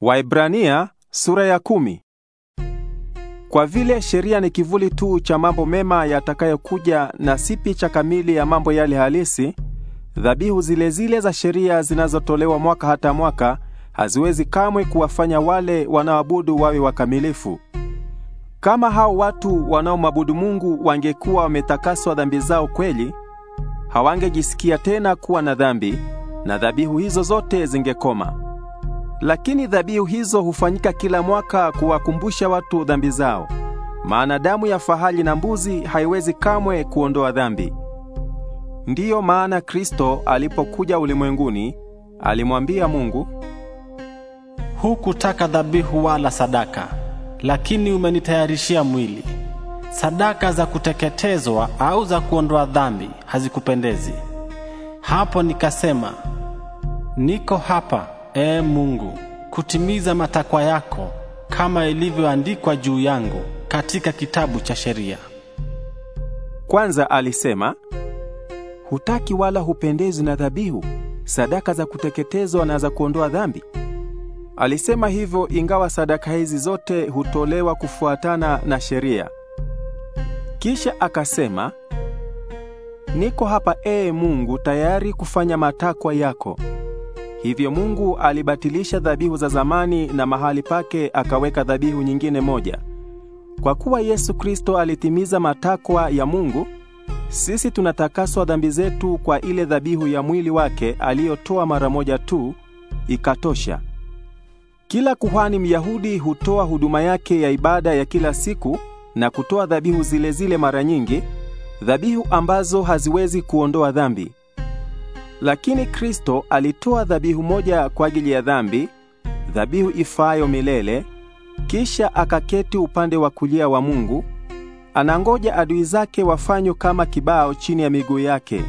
Waibrania sura ya kumi. Kwa vile sheria ni kivuli tu cha mambo mema yatakayokuja na si picha kamili ya mambo yale halisi, dhabihu zile zile za sheria zinazotolewa mwaka hata mwaka haziwezi kamwe kuwafanya wale wanaoabudu wawe wakamilifu. Kama hao watu wanaomwabudu Mungu wangekuwa wametakaswa dhambi zao kweli, hawangejisikia tena kuwa na dhambi na dhabihu hizo zote zingekoma. Lakini dhabihu hizo hufanyika kila mwaka kuwakumbusha watu dhambi zao, maana damu ya fahali na mbuzi haiwezi kamwe kuondoa dhambi. Ndiyo maana Kristo alipokuja ulimwenguni alimwambia Mungu, hukutaka dhabihu wala sadaka, lakini umenitayarishia mwili. Sadaka za kuteketezwa au za kuondoa dhambi hazikupendezi. Hapo nikasema, niko hapa Ee Mungu, kutimiza matakwa yako kama ilivyoandikwa juu yangu katika kitabu cha sheria. Kwanza alisema, hutaki wala hupendezi na dhabihu, sadaka za kuteketezwa na za kuondoa dhambi. Alisema hivyo ingawa sadaka hizi zote hutolewa kufuatana na sheria. Kisha akasema, niko hapa ee Mungu tayari kufanya matakwa yako. Hivyo Mungu alibatilisha dhabihu za zamani na mahali pake akaweka dhabihu nyingine moja. Kwa kuwa Yesu Kristo alitimiza matakwa ya Mungu, sisi tunatakaswa dhambi zetu kwa ile dhabihu ya mwili wake aliyotoa mara moja tu, ikatosha. Kila kuhani Myahudi hutoa huduma yake ya ibada ya kila siku na kutoa dhabihu zile zile mara nyingi, dhabihu ambazo haziwezi kuondoa dhambi. Lakini Kristo alitoa dhabihu moja kwa ajili ya dhambi, dhabihu ifayo milele, kisha akaketi upande wa kulia wa Mungu. Anangoja adui zake wafanywe kama kibao chini ya miguu yake.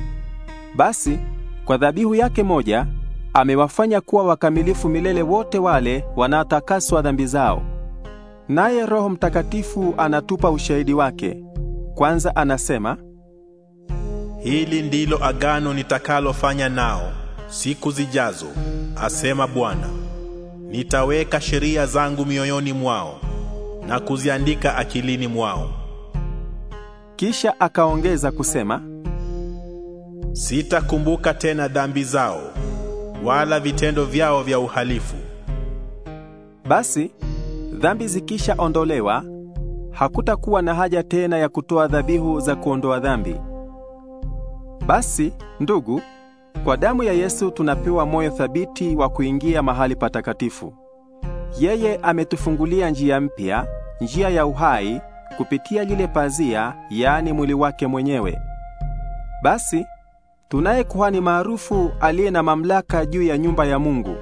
Basi kwa dhabihu yake moja amewafanya kuwa wakamilifu milele wote wale wanaotakaswa dhambi zao. Naye Roho Mtakatifu anatupa ushahidi wake. Kwanza anasema, Hili ndilo agano nitakalofanya nao siku zijazo, asema Bwana. Nitaweka sheria zangu mioyoni mwao na kuziandika akilini mwao. Kisha akaongeza kusema, sitakumbuka tena dhambi zao wala vitendo vyao vya uhalifu. Basi dhambi zikishaondolewa, hakutakuwa na haja tena ya kutoa dhabihu za kuondoa dhambi. Basi ndugu, kwa damu ya Yesu tunapewa moyo thabiti wa kuingia mahali patakatifu. Yeye ametufungulia njia mpya, njia ya uhai kupitia lile pazia, yaani mwili wake mwenyewe. Basi tunaye kuhani maarufu aliye na mamlaka juu ya nyumba ya Mungu.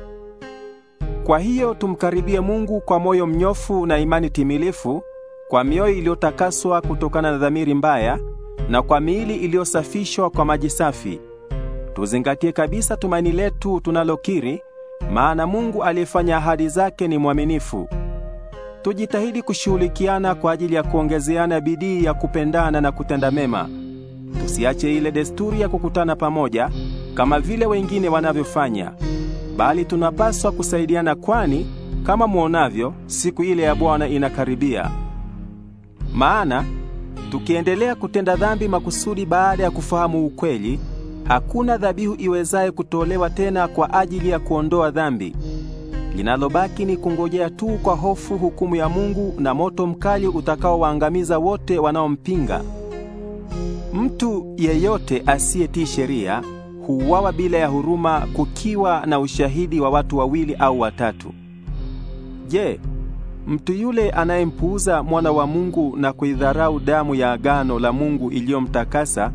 Kwa hiyo tumkaribie Mungu kwa moyo mnyofu na imani timilifu, kwa mioyo iliyotakaswa kutokana na dhamiri mbaya na kwa miili iliyosafishwa kwa maji safi. Tuzingatie kabisa tumaini letu tunalokiri, maana Mungu aliyefanya ahadi zake ni mwaminifu. Tujitahidi kushughulikiana kwa ajili ya kuongezeana bidii ya kupendana na kutenda mema. Tusiache ile desturi ya kukutana pamoja kama vile wengine wanavyofanya, bali tunapaswa kusaidiana, kwani kama mwonavyo, siku ile ya Bwana inakaribia. Maana Tukiendelea kutenda dhambi makusudi baada ya kufahamu ukweli, hakuna dhabihu iwezaye kutolewa tena kwa ajili ya kuondoa dhambi. Linalobaki ni kungojea tu kwa hofu hukumu ya Mungu na moto mkali utakaowaangamiza wote wanaompinga. Mtu yeyote asiyetii sheria huuawa bila ya huruma kukiwa na ushahidi wa watu wawili au watatu. Je, Mtu yule anayempuuza mwana wa Mungu na kuidharau damu ya agano la Mungu iliyomtakasa,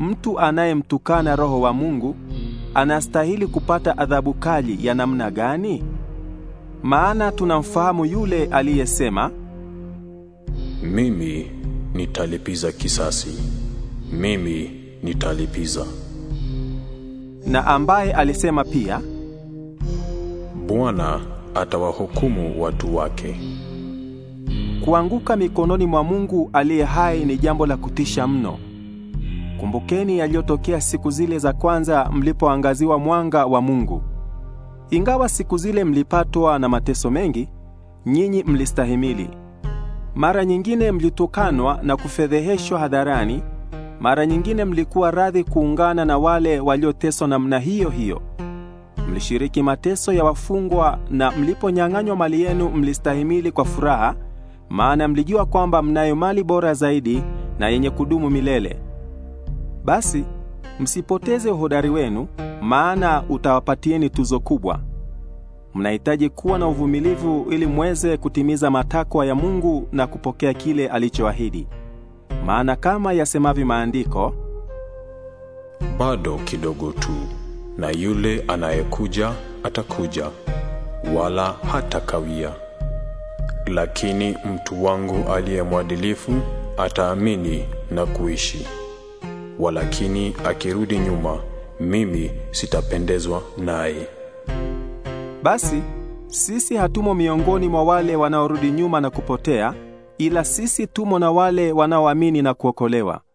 mtu anayemtukana roho wa Mungu, anastahili kupata adhabu kali ya namna gani? Maana tunamfahamu yule aliyesema, mimi nitalipiza kisasi, mimi nitalipiza, na ambaye alisema pia, Bwana atawahukumu watu wake. Kuanguka mikononi mwa Mungu aliye hai ni jambo la kutisha mno. Kumbukeni yaliyotokea siku zile za kwanza mlipoangaziwa mwanga wa Mungu. Ingawa siku zile mlipatwa na mateso mengi, nyinyi mlistahimili. Mara nyingine mlitukanwa na kufedheheshwa hadharani, mara nyingine mlikuwa radhi kuungana na wale walioteswa namna hiyo hiyo. Mlishiriki mateso ya wafungwa na mliponyang'anywa mali yenu mlistahimili kwa furaha, maana mlijua kwamba mnayo mali bora zaidi na yenye kudumu milele. Basi msipoteze uhodari wenu, maana utawapatieni tuzo kubwa. Mnahitaji kuwa na uvumilivu ili mweze kutimiza matakwa ya Mungu na kupokea kile alichoahidi. Maana kama yasemavyo maandiko, bado kidogo tu na yule anayekuja atakuja, wala hatakawia. Lakini mtu wangu aliye mwadilifu ataamini na kuishi, walakini akirudi nyuma, mimi sitapendezwa naye. Basi sisi hatumo miongoni mwa wale wanaorudi nyuma na kupotea, ila sisi tumo na wale wanaoamini na kuokolewa.